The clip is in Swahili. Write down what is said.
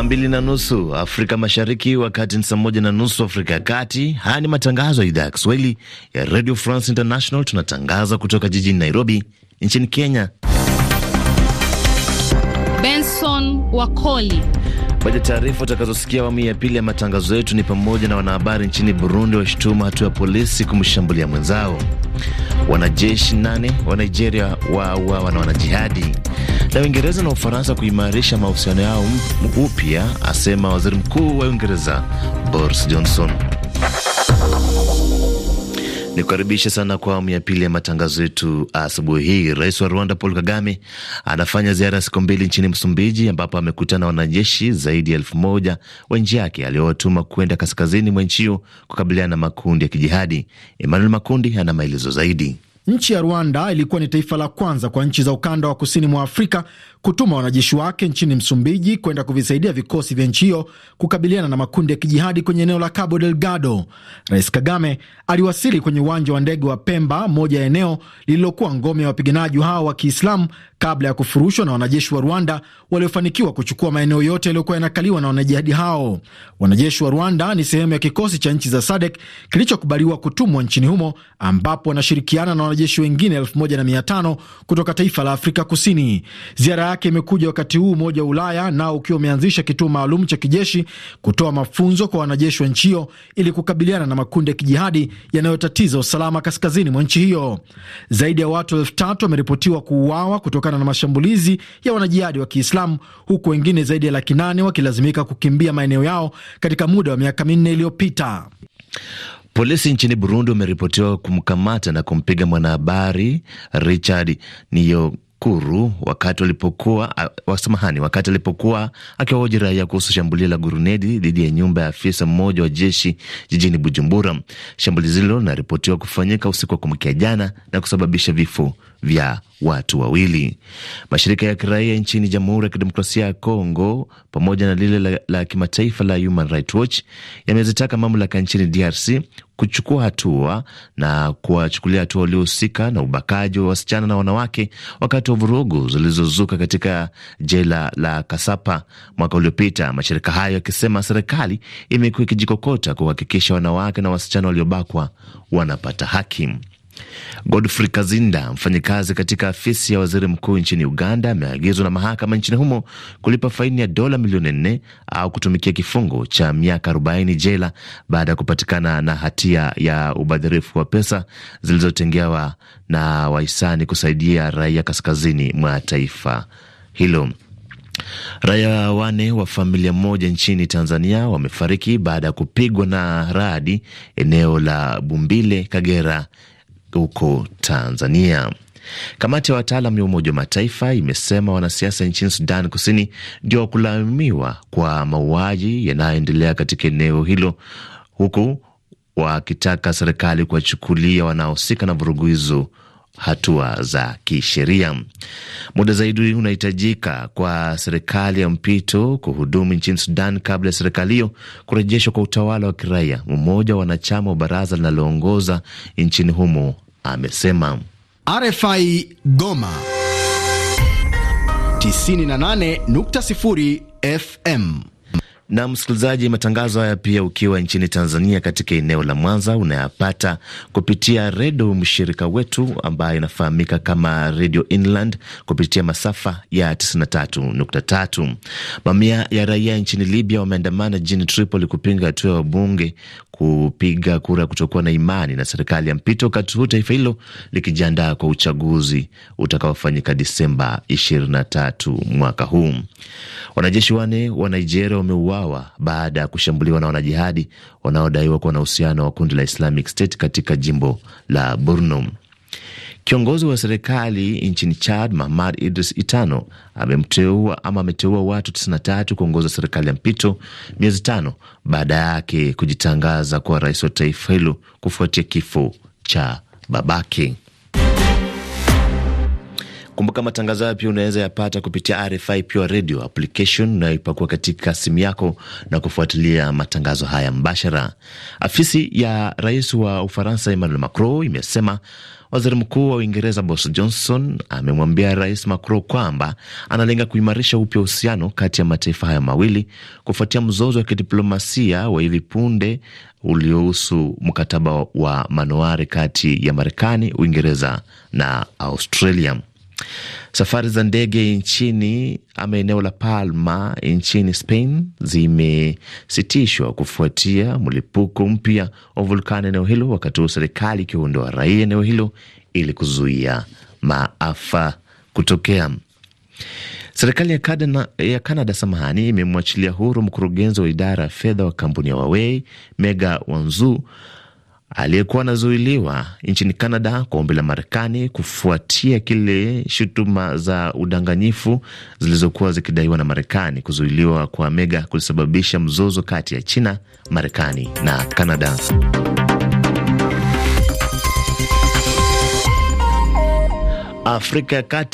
Saa mbili na nusu Afrika Mashariki, wakati ni saa moja na nusu Afrika ya Kati. Haya ni matangazo ya idhaa ya Kiswahili ya Radio France International. Tunatangaza kutoka jijini Nairobi nchini Kenya. Benson Wakoli Baadhi ya taarifa utakazosikia awamu ya pili ya matangazo yetu ni pamoja na wanahabari nchini Burundi washtuma hatua ya polisi kumshambulia mwenzao, wanajeshi nane wa Nigeria wauawa na wanajihadi, na Uingereza na Ufaransa kuimarisha mahusiano yao upya, asema waziri mkuu wa Uingereza Boris Johnson kukaribisha sana kwa awamu ya pili ya matangazo yetu asubuhi hii. Rais wa Rwanda Paul Kagame anafanya ziara ya siku mbili nchini Msumbiji, ambapo amekutana wanajeshi zaidi ya elfu moja wa nchi yake aliowatuma kwenda kaskazini mwa nchi hiyo kukabiliana na makundi ya kijihadi. Emmanuel Makundi ana maelezo zaidi. Nchi ya Rwanda ilikuwa ni taifa la kwanza kwa nchi za ukanda wa kusini mwa Afrika kutuma wanajeshi wake nchini Msumbiji kwenda kuvisaidia vikosi vya nchi hiyo kukabiliana na makundi ya kijihadi kwenye eneo la Cabo Delgado. Rais Kagame aliwasili kwenye uwanja wa ndege wa Pemba, moja ya eneo lililokuwa ngome ya wapiganaji hao wa Kiislamu kabla ya kufurushwa na wanajeshi wa Rwanda waliofanikiwa kuchukua maeneo yote yaliyokuwa yanakaliwa na wanajihadi hao. Wanajeshi wa Rwanda ni sehemu ya kikosi cha nchi za SADEK kilichokubaliwa kutumwa nchini humo ambapo wanashirikiana na wanajeshi wengine 1500 kutoka taifa la Afrika Kusini. Ziara yake imekuja wakati huu Umoja wa Ulaya nao ukiwa umeanzisha kituo maalum cha kijeshi kutoa mafunzo kwa wanajeshi wa nchi hiyo ili kukabiliana na makundi ya kijihadi yanayotatiza usalama kaskazini mwa nchi hiyo. Zaidi ya watu elfu tatu wameripotiwa kuuawa kutokana na mashambulizi ya wanajihadi wa Kiislamu, huku wengine zaidi ya laki nane wakilazimika kukimbia maeneo yao katika muda wa miaka minne iliyopita. Polisi nchini Burundi wameripotiwa kumkamata na kumpiga mwanahabari Richard Niyo Nakuru wakati walipokuwa wasamahani, wakati alipokuwa akiwahoji raia kuhusu shambulio la gurunedi dhidi ya nyumba ya afisa mmoja wa jeshi jijini Bujumbura. Shambulizi hilo linaripotiwa kufanyika usiku wa kumkia jana na kusababisha vifo vya watu wawili. Mashirika ya kiraia nchini Jamhuri ya Kidemokrasia ya Kongo pamoja na lile la, la kimataifa la Human Rights Watch yamezitaka mamlaka nchini DRC kuchukua hatua na kuwachukulia hatua waliohusika na ubakaji wa wasichana na wanawake wakati wa vurugu zilizozuka katika jela la Kasapa mwaka uliopita, mashirika hayo yakisema serikali imekuwa ikijikokota kuhakikisha wanawake na wasichana waliobakwa wanapata haki. Godfrey Kazinda, mfanyakazi katika afisi ya waziri mkuu nchini Uganda, ameagizwa na mahakama nchini humo kulipa faini ya dola milioni nne au kutumikia kifungo cha miaka 40 jela baada ya kupatikana na hatia ya ubadhirifu wa pesa zilizotengewa na wahisani kusaidia raia kaskazini mwa taifa hilo. Raia wane wa familia moja nchini Tanzania wamefariki baada ya kupigwa na radi eneo la Bumbile, Kagera huko Tanzania. Kamati ya wataalam ya Umoja wa Mataifa imesema wanasiasa nchini Sudan Kusini ndio wakulaumiwa kwa mauaji yanayoendelea katika eneo hilo, huku wakitaka serikali kuwachukulia wanaohusika na vurugu hizo hatua za kisheria. Muda zaidi unahitajika kwa serikali ya mpito kuhudumu nchini Sudan kabla ya serikali hiyo kurejeshwa kwa utawala wa kiraia, mmoja wa wanachama wa baraza linaloongoza nchini humo amesema. RFI Goma 98.0 FM na msikilizaji, matangazo haya pia ukiwa nchini Tanzania katika eneo la Mwanza unayapata kupitia redio mshirika wetu ambayo inafahamika kama Radio Inland kupitia masafa ya 93.3. Mamia ya raia nchini Libya wameandamana jijini Tripoli kupinga hatua ya wabunge kupiga kura kutokuwa na imani na serikali ya mpito, wakati huu taifa hilo likijiandaa kwa uchaguzi utakaofanyika Disemba 23 mwaka huu. Wanajeshi wane wa Nigeria wameuawa waliuawa baada ya kushambuliwa na wanajihadi wanaodaiwa kuwa na uhusiano wa kundi la Islamic State katika jimbo la Borno. Kiongozi wa serikali nchini Chad, Mahmad Idris Itano, amemteua ama ameteua watu 93 kuongoza serikali ya mpito miezi tano baada yake kujitangaza kuwa rais wa taifa hilo kufuatia kifo cha babake. Kumbuka matangazo hayo pia unaweza yapata kupitia RFI Pure Radio application unayoipakua katika simu yako na kufuatilia matangazo haya mbashara. Afisi ya rais wa Ufaransa Emmanuel Macron imesema waziri mkuu wa Uingereza Boris Johnson amemwambia rais Macron kwamba analenga kuimarisha upya uhusiano kati ya mataifa hayo mawili kufuatia mzozo wa kidiplomasia wa hivi punde uliohusu mkataba wa manowari kati ya Marekani, Uingereza na Australia. Safari za ndege nchini ama eneo la Palma nchini Spain zimesitishwa kufuatia mlipuko mpya wa vulkani eneo hilo, wakati huu serikali ikiondoa raia eneo hilo ili kuzuia maafa kutokea. Serikali ya Kanada, ya Kanada samahani, imemwachilia huru mkurugenzi wa idara ya fedha wa kampuni ya Huawei Mega Wanzhou aliyekuwa anazuiliwa nchini Canada kwa ombi la Marekani kufuatia kile shutuma za udanganyifu zilizokuwa zikidaiwa na Marekani. Kuzuiliwa kwa Mega kulisababisha mzozo kati ya China, Marekani na Canada. Afrika ya Kati